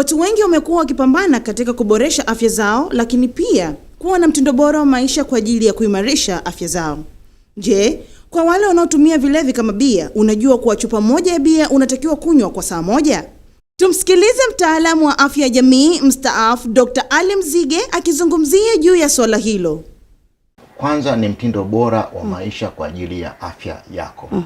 Watu wengi wamekuwa wakipambana katika kuboresha afya zao, lakini pia kuwa na mtindo bora wa maisha kwa ajili ya kuimarisha afya zao. Je, kwa wale wanaotumia vilevi kama bia, unajua kuwa chupa moja ya bia unatakiwa kunywa kwa saa moja? Tumsikilize mtaalamu wa afya ya jamii mstaafu Dr. Ali Mzige akizungumzia juu ya swala hilo. Kwanza ni mtindo bora wa maisha kwa ajili ya afya yako. Mm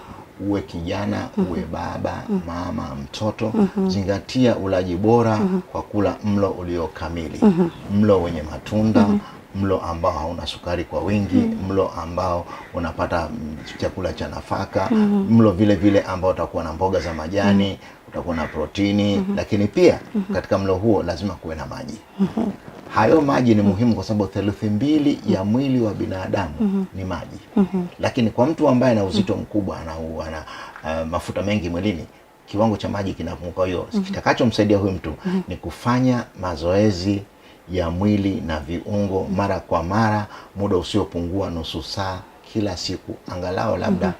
uwe kijana mm -hmm. uwe baba mm -hmm. mama, mtoto mm -hmm. zingatia ulaji bora mm -hmm. kwa kula mlo uliokamili mm -hmm. mlo wenye matunda mm -hmm mlo ambao hauna sukari kwa wingi mm. mlo ambao unapata mm, chakula cha nafaka mm -hmm. mlo vile vile ambao utakuwa na mboga za majani mm -hmm. utakuwa na protini mm -hmm. lakini pia mm -hmm. katika mlo huo lazima kuwe na maji mm -hmm. Hayo maji ni muhimu kwa sababu theluthi mbili ya mwili wa binadamu mm -hmm. ni maji mm -hmm. Lakini kwa mtu ambaye ana uzito mkubwa ana, uh, mafuta mengi mwilini kiwango cha maji kinapunguka. hiyo mm -hmm. kitakachomsaidia huyu mtu mm -hmm. ni kufanya mazoezi ya mwili na viungo mhm. mara kwa mara, muda usiopungua nusu saa kila siku, angalau labda mm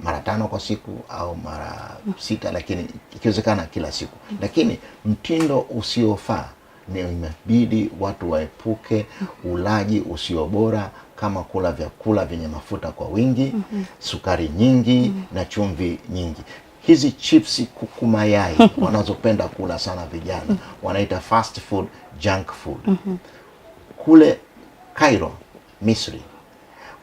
-hmm. mara tano kwa siku au mara mhm. sita, lakini ikiwezekana kila siku mm -hmm. lakini mtindo usiofaa ndio imebidi watu waepuke ulaji usio bora kama kula vyakula vyenye mafuta kwa wingi mm -hmm. sukari nyingi mm -hmm. na chumvi nyingi. Hizi chipsi, kuku, mayai wanazopenda kula sana vijana mm -hmm. wanaita fast food, junk food mm -hmm. kule Cairo, Misri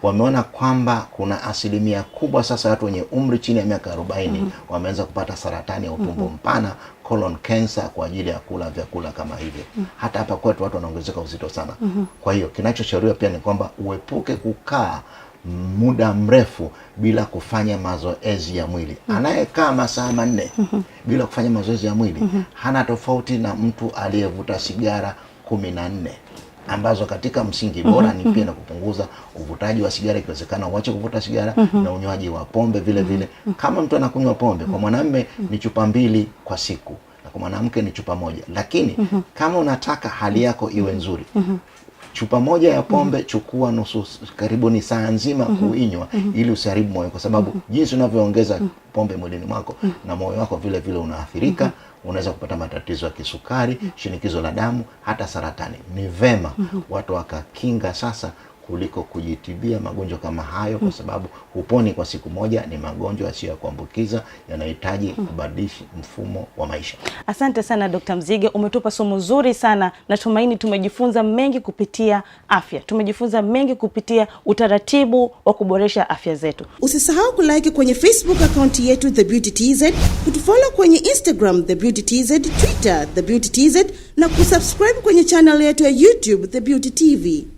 wameona kwamba kuna asilimia kubwa sasa watu wenye umri chini ya miaka 40 mm -hmm. wameanza kupata saratani ya mhm. utumbo mm -hmm. mpana colon cancer kwa ajili ya kula vyakula kama hivyo mm -hmm. hata hapa kwetu watu wanaongezeka uzito sana mm -hmm. kwa hiyo kinachoshauriwa pia ni kwamba uepuke kukaa muda mrefu bila kufanya mazoezi ya mwili. Mhm. Anayekaa masaa manne mhm. bila kufanya mazoezi ya mwili hana tofauti na mtu aliyevuta sigara kumi na nne ambazo katika msingi bora mm -hmm. ni mhm. pia na kupunguza uvutaji wa sigara, ikiwezekana uache kuvuta sigara mm -hmm. na unywaji wa pombe vile mhm. vile mm -hmm. kama mtu anakunywa pombe kwa mhm. mwanamume mm -hmm. ni chupa mbili kwa siku na kwa mwanamke ni chupa moja, lakini mm -hmm. kama unataka hali yako iwe nzuri mm -hmm chupa moja ya pombe mm -hmm. chukua nusu, karibuni saa nzima mm -hmm. kuinywa mm -hmm. ili usiharibu moyo, kwa sababu mm -hmm. jinsi unavyoongeza pombe mwilini mwako mm -hmm. na moyo wako vile vile unaathirika mm -hmm unaweza kupata matatizo ya kisukari, shinikizo la damu, hata saratani. Ni vema mhm. watu wakakinga sasa kuliko kujitibia magonjwa kama hayo, kwa hmm. sababu huponi kwa siku moja. Ni magonjwa yasiyo ya kuambukiza yanahitaji hmm. kubadilisha mfumo wa maisha. Asante sana Dr. Mzige, umetupa somo zuri sana. Natumaini tumejifunza mengi kupitia afya, tumejifunza mengi kupitia utaratibu wa kuboresha afya zetu. Usisahau kulike kwenye Facebook akaunti yetu The Beauty TZ, kutufollow kwenye Instagram The Beauty TZ, Twitter The Beauty TZ na kusubscribe kwenye channel yetu ya YouTube The Beauty TV.